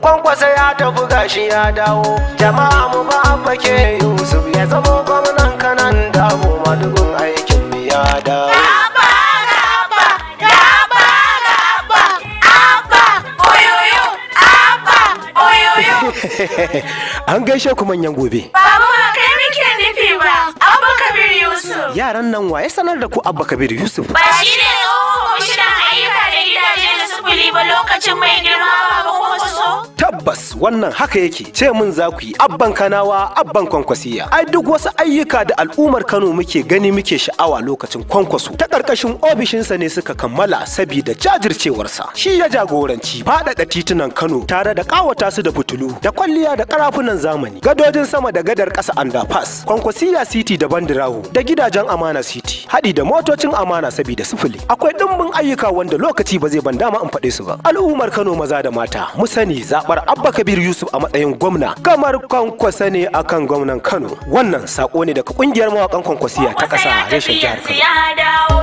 Kwankwasa ya tafi gashi ya dawo, jama'a mu ba abba ke Yusuf ya zama gwamnan kanan damu madugun aikin mu ya dawo. An gaishe ku manyan gobe. Babu ba kai muke nufi ba, Abba Kabir Yusuf. Yaran nan waye sanar da ku Abba Kabir Yusuf? Ba shi ne tsohon kwamishinan ayyuka da gidaje da sufuri ba lokacin mai girma ba ko wannan haka yake ce mun za ku yi abban kanawa abban kwankwasiya ai duk wasu ayyuka da al'ummar Kano muke gani muke sha'awa lokacin kwankwaso ta karkashin ofishinsa ne suka kammala sabida jajircewarsa shi ya jagoranci faɗaɗa titunan Kano tare da ƙawata su da fitilu da kwalliya da karafunan zamani gadojin sama da gadar ƙasa underpass kwankwasiya city da bandirawo da gidajen amana city haɗi da motocin amana sabida sifili akwai ɗumbin ayyuka wanda lokaci ba zai ban dama in faɗe su ba al'ummar Kano maza da mata mu sani zaɓar abba Kabir Yusuf a matsayin gwamna kamar kwankwasa ne akan gwamnan Kano wannan sako ne daga kungiyar mawakan kwankwasiya ta ƙasa reshen jihar Kano